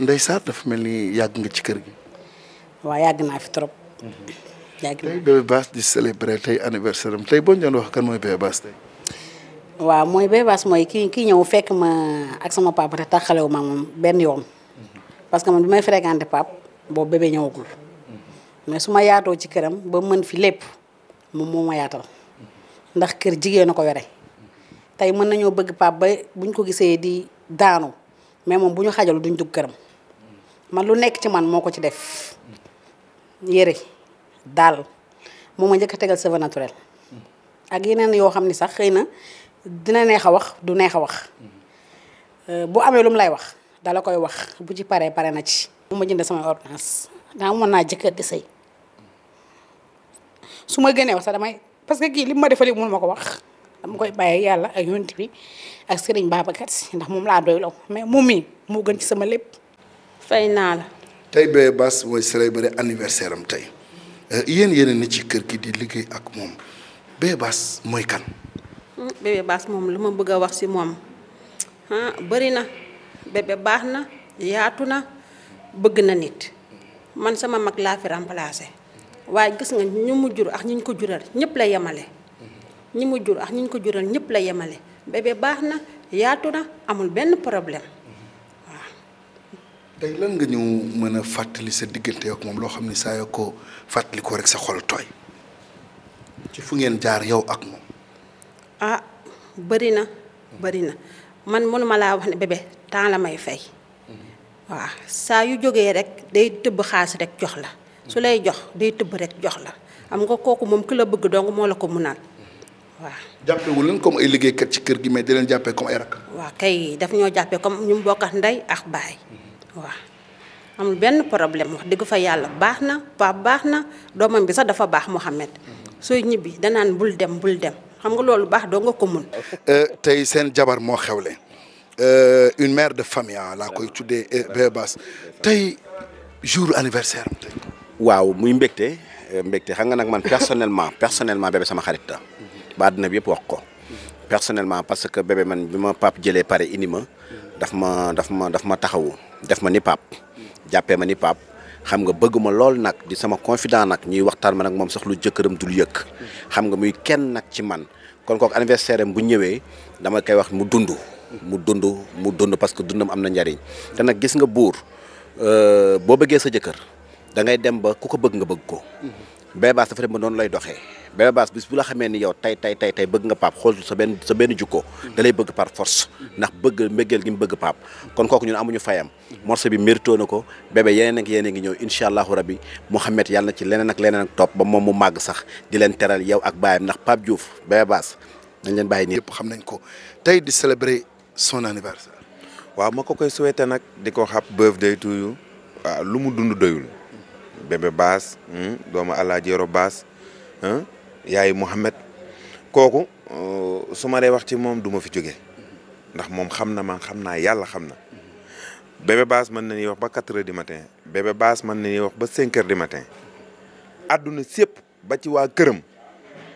Ndeye Sarr dafa melni yag nga ci kër gi. wa yag na fi trop. Mhm. yag na tey Bébé Bass di célébrer tay anniversaire am tey boo ñu wax kan moy Bébé Bass tay wa moy Bébé Bass moy ki ki ñew fekk ma ak sama papa te mhm. taxalewu kan mhm. ma mom ben yoon. parce que man bi may fréquenté pap bo bébé ñëwagul. mais suma ma ci kërëm ba mën fi lépp moom moo ma yaatal. ndax kër jigéen a ko yore tey mën nañu bëgg pap ba buñ ko gisé di daanu mais mom buñu xajal duñ dug kërëm man lu nek ci man moko ci def yere dal moo ma njëkk a tegal naturel ak yeneen yo xamni ni sax xeyna dina neex wax du neex wax euh, bu amé lu mu lay wax dala koy wax bu ci paré pare na ci. mo ma jënd sama ordonnance da mo na jëkkër di sey suma gëné wax sa damay parce que ki li ma defalee mun mako wax dama koy bàyyi yalla ak yoonte bi ak sëriñ Babacar ndax mom la doylo mais moom mii gën ci sama lepp fay naa la. tey Bébé Bass mooy célébrer anniversaire am tey eh, yéen yéen ni ci kër gi di liggéey ak moom Bébé Bass mooy kan. Hmm, Bébé Bass moom lu ma bëgg a wax ci moom ah bëri na baax na yaatu na bëgg na nit man sama mag laa fi remplacé waaye gis nga ñu mu jur ak ñi ko jural ñëpp la yemale. ñi mu jur ak ñi ñu ko jural ñëpp la yemale Bébé baax na yaatu na amul benn problème. tey lan nga ñëw mën a fàttali sa diggante ak moom loo xam ne saa yoo ko fàttali ko rek sa xol tooy ci fu ngeen jaar yow ak moom. ah bëri na bëri na man mënuma laa wax ne bébé temps la may fay waaw saa yu jógee rek day tëbb xaas rek jox la su lay jox day tëbb rek jox la am nga kooku moom ki la bëgg dong moo la ko munal waaw. jàppewul leen comme ay liggéeykat ci kër gi mais di leen jàppee comme ay rakk. waaw kay daf ñoo jàppee comme ñu mbokk ak ndey ax baay. waaw amul benn problème wax dëgg fa yàlla baax na pap baax na doomam bi sax dafa baax Mouhamed sooy ñibbi danaan bul dem bul dem xam nga loolu baax doo nga ko mun. Euh, tey seen jabar moo xewle euh, une mère de famille hein, la koy tuddee euh, Bébas tey jour anniversaire waaw muy mbégte mbégte xam nga nag man personnellement personnellement bébé sama xarit la ba àddina bi yëpp wax ko personnellement parce que bébé man bi ma pap jëlee pare indi ma daf ma daf ma daf ma taxawu def ma ni pap ma ni pap xam nga bëgguma lool nak di sama confident nak ñuy waxtaan ma nag mom sax lu jëkkëram dul yëk xam nga muy kenn nak ci man kon kooku anniversaire bu ñëwé dama kay wax mu dundu mu dundu mu dundu parce que dundam amna ndariñ té nak gis nga euh bo bëggé sa jëkër da ngay dem ba ku ko bëgg nga bëgg ko beebaas dafa dem non lay doxé Bébé Bass bis bu la xamé ni yow tay tay tay tay bëgg nga pap xol sa ben sa ben jukko mm-hmm. da lay bëgg par force nak bëgg mbëggeel gi bëgg kon koku ñun amuñu fayam mm-hmm. morceau bi mérito nako ko bébé yeneen ak yeneen gi ñew inshallah rabbi Mouhamed yalla na ci leneen ak leneen ak top ba mom mu mag sax di len téral yow ak bayam nak pap Diouf Bébé Bass nañ leen bàyyi nii xam nañ ko tay di célébrer son anniversaire wa ma ko koy souhaiter nak di ko birthday to you wa lu mu dund doyul mm-hmm. Bébé Bass hmm, doomu Alaaji Bass hmm. yaay Mouhamed kooku euh, su ma dee wax ci moom du ma fi jóge ndax moom xam na ma xam naa yàlla xam na bébé baas mën nañuy wax ba quatre heures du matin bébé baas mën wax ba cinq heures matin àdduna sépp ba ci waa këram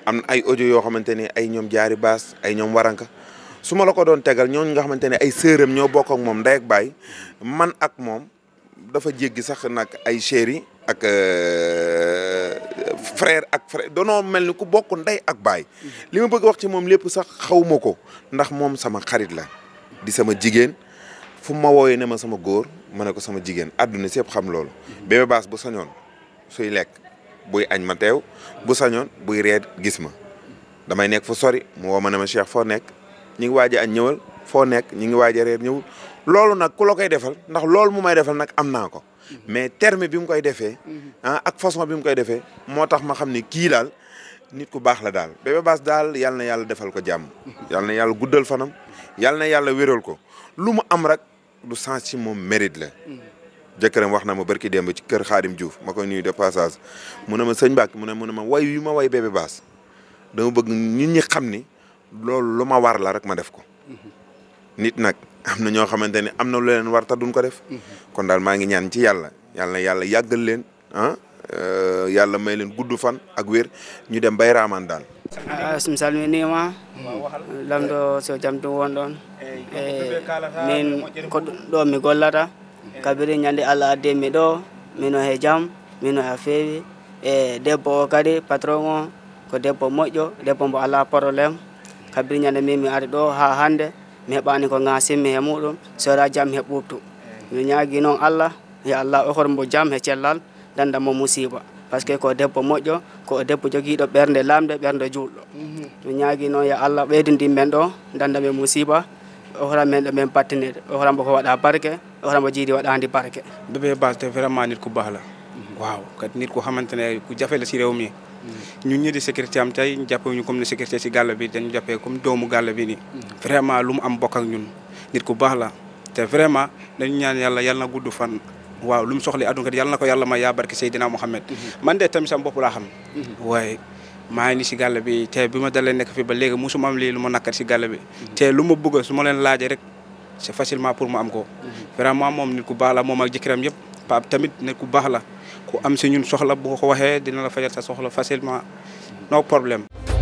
am ay audio yoo xamante ni ay ñoom jaari baas ay ñoom waranka su ma la ko doon tegal ñooñu nga xamante ne ay sëram ñoo bokk moom ndey baay man ak moom dafa jéggi sax nag ay chéri ak euh, frère ak frère danoo mel ni ku bokk ndey ak baay. li ma bëgg wax ci moom lépp sax xawma ko ndax moom sama xarit la di sama jigéen fu ma wooyee ne ma sama góor ma ne ko sama jigéen àdduna si yëpp xam loolu. Bébé Bass bu sañoon suy lekk buy añ ma teew bu sañoon buy reer gis ma damay nekk fu sori mu woo ne ma Cheikh foo nekk ñu ngi waaj a añ ñëwal foo nekk ñu ngi waaj a reer ñëwul loolu nag ku la koy defal ndax loolu mu may defal nag am naa ko mais terme bi mu koy defee mhm. ah ak façon bi mu koy defee moo tax ma xam ne kii daal nit ku baax la daal Bébé baas daal yal na yàlla defal ko jàmm yàlla yàlla guddal fanam yal na yàlla wéral ko lu mu am rek du sens ci moom mérite la mhm. jëkkëram wax na ma dem démb ci kër Xaadim Diouf ma koy nuyu de mun mu ma sëñ Mbacke mu ne mu ne ma way yu ma way Bébé baas dama bëgg nit ñi xam ni loolu lu ma war la rek ma def ko mhm. nag am na ñoo xamante am na lu leen war ta duñ ko def. kon dal maa ngi ñaan ci yàlla yalla yalla yagal leen ah euh, yàlla may leen guddu fan ak wér ñu dem bay raamaan daal. Ah, sum salminima lamɗo so jam tum won e eh, min ko do mi gollata kabiri ñandi allah addi mi mi no he jam mi no ha feewi e debbo o kadi patron o ko debbo moƴƴo debbo mbo ala probléme kabiri ñande min mi ari do ha hande mi heɓani ko gasimmi he muɗum sora jam he ɓubtu mi ñaagui noon allah ya allah ohor mbo jam he cellal danda mo musiba par que ko debbo moƴƴo ko debbo joguiɗo ɓernde lamde ɓernde juulɗo mi ñaagui noon ya allah ɓeydindi men ɗo danda men musiba ohora men ɗo men battinede ohorambo ko waɗa barke ohorambo jiidi waɗandi barke ɓeɓe balte vraiment nit ko bahla waaw kadi nit ko ko jafele si rewmi e. ñun ñi di sécurité am tey ñu jàppee ñu comme ni sécurité si gàll bi dañu jàppee comme doomu gàll bi nii. vraiment lu mu am bokk ak ñun nit ku baax la te vraiment dañu ñaan yàlla yalla gudd fan. waaw lu mu soxla àdduna kat yàlla na ko yàlla may yaa barki Seydina Mohamed. Mhm. man de tamit sama bopp laa xam. Mhm. waaye maa ngi ni si gàll bi te bi ma dalee nekk fi ba léegi musuma am lii lu ma nakkat si gàll bi. Mhm. te ma bëgg su ma leen laajee rek c'est facilement pour mu am ko. vraiment moom nit ku baax la moom ak jëkkëram yëpp. Pape tamit ne ku baax la ku am si ñun soxla bu ko waxee dina la fajal sa soxla facilement no problème